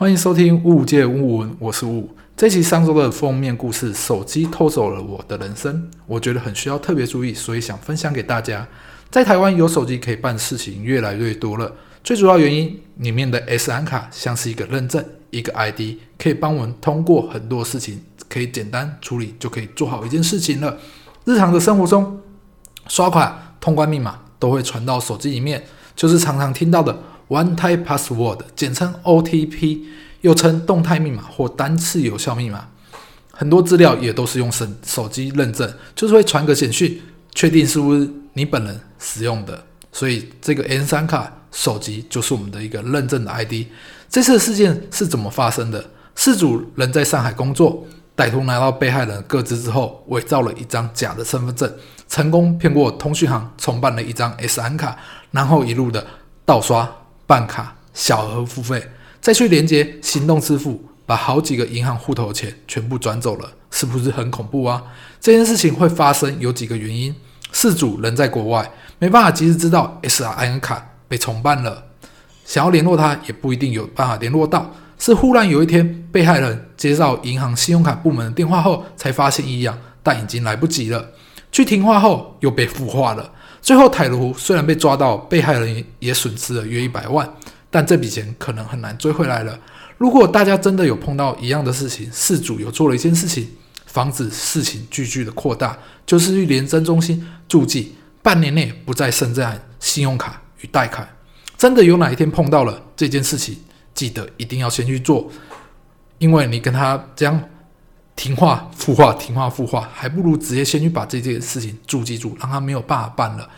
歡迎收聽物界物聞，我是物。這期上周的封面故事，手機偷走了我的人生，我覺得很需要特別注意，所以想分享給大家。在台灣有手機可以辦事情越來越多了，最主要原因裡面的 S R 卡像是一個認證，一個 I D，可以幫我們通過很多事情，可以簡單處理就可以做好一件事情了。日常的生活中，刷卡、通關密碼都會傳到手機裡面，就是常常聽到的。One-time password，簡稱 OTP，又稱動態密碼或單次有效密碼。很多資料也都是用手手機認證，就是會傳個簡訊，確定是不是你本人使用的。所以這個 SIM 卡手機就是我們的一個認證的 ID。這次事件是怎麼發生的？事主人在上海工作，歹徒拿到被害人個資之後，偽造了一張假的身份證，成功騙過通訊行，重辦了一張 SIM 卡，然後一路的盜刷。辦卡、小額付費，再去連接行動支付，把好幾個銀行戶頭的錢全部轉走了，是不是很恐怖啊？這件事情會發生有幾個原因：事主人在國外，沒辦法及時知道 SIM 卡被重辦了，想要聯絡他也不一定有辦法聯絡到。是忽然有一天，被害人接到銀行信用卡部門的電話後，才發現異樣，但已經來不及了。去停話後又被復話了。最後，泰盧雖然被抓到，被害人也損失了約一百萬，但這筆錢可能很難追回來了。如果大家真的有碰到一樣的事情，事主有做了一件事情，防止事情繼續的擴大，就是去聯徵中心註記半年內不再申辦信用卡與貸款。真的有哪一天碰到了這件事情，記得一定要先去做，因為你跟他這樣。停話復話，停話復話，還不如直接先去把這件事情注記住，讓他沒有辦法辦了。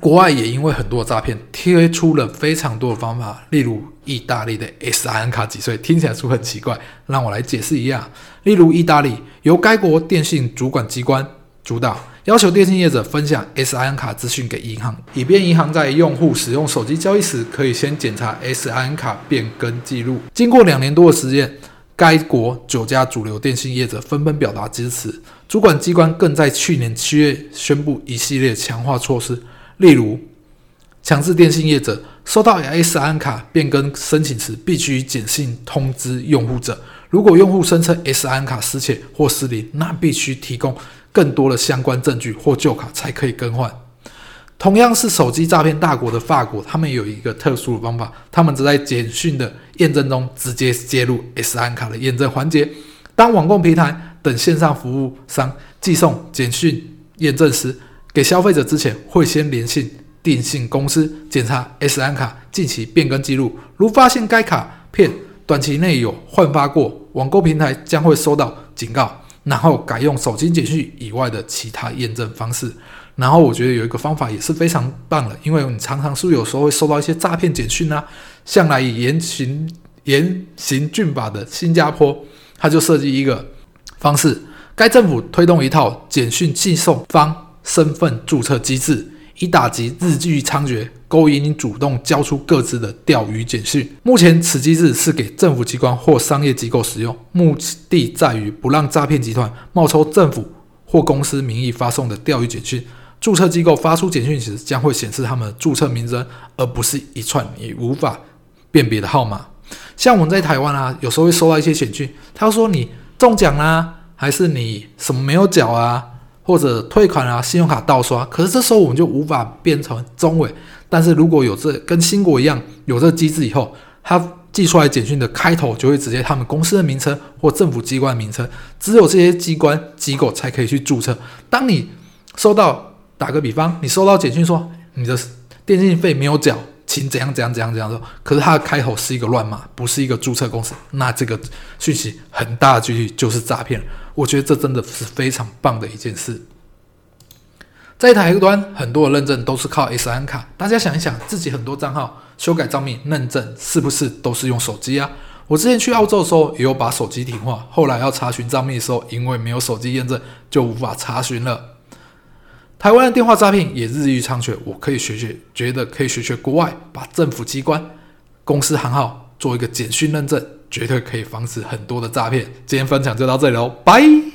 國外也因為很多詐騙，貼出了非常多的方法，例如意大利的 SIM 卡幾歲，聽起來是不是很奇怪？讓我來解釋一下。例如意大利由該國電信主管機關主導，要求電信業者分享 SIM 卡資訊給銀行，以便銀行在用戶使用手機交易時，可以先檢查 SIM 卡變更記錄。經過兩年多的時間。該國九家主流電信業者紛紛表達支持，主管機關更在去年七月宣布一系列強化措施，例如強制電信業者收到 SIM 卡變更申請時，必須簡訊通知用戶者。如果用戶聲稱 SIM 卡失竊或失靈，那必須提供更多的相關證據或舊卡才可以更換。同樣是手機詐騙大國的法國，他們有一個特殊的方法，他們只在簡訊的驗證中直接接入 SIM 卡的驗證環節。當網購平台等線上服務商寄送簡訊驗證時，給消費者之前會先聯繫電信公司檢查 SIM 卡近期變更記錄。如發現該卡片短期內有換發過，網購平台將會收到警告，然後改用手機簡訊以外的其他驗證方式。然後我覺得有一個方法也是非常棒的，因為你常常是，不是有時候會收到一些詐騙簡訊啊。向來以嚴刑嚴刑峻法的新加坡，它就設計一個方式，該政府推動一套簡訊寄送方身份注冊機制，以打擊日趨猖獗，勾引你主動交出各自的釣魚簡訊。目前此機制是給政府機關或商業機構使用，目的在於不讓詐騙集團冒充政府或公司名義發送的釣魚簡訊。註冊機構發出簡訊時，將會顯示他們的註冊名稱，而不是一串你無法辨別的號碼。像我們在台灣啊，有時候會收到一些簡訊，他說你中獎啦、啊，還是你什麼沒有繳啊，或者退款啊，信用卡盜刷、啊。可是這時候我們就無法辨成真偽。但是如果有這跟新國一樣有這機制以後，他寄出來簡訊的開頭就會直接他們公司的名稱或政府機關的名稱，只有這些機關機構才可以去註冊。當你收到。打個比方，你收到簡訊說你的電信費沒有繳，請怎樣怎樣怎樣怎樣說，可是它的開口是一個亂碼，不是一個註冊公司，那這個訊息很大的幾率就是詐騙。我覺得這真的是非常棒的一件事。在台端，很多的認證都是靠 SIM 卡，大家想一想，自己很多賬號修改賬密認證是不是都是用手機啊？我之前去澳洲的時候也有把手機停話，後來要查詢賬密的時候，因為沒有手機驗證，就無法查詢了。台灣的電話詐騙也日益猖獗，我可以學學，覺得可以學學國外，把政府機關、公司行號做一個簡訊認證，絕對可以防止很多的詐騙。今天分享就到這裡嘍，拜。